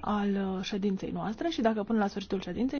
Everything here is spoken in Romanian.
al ședinței noastre și dacă până la sfârșitul ședinței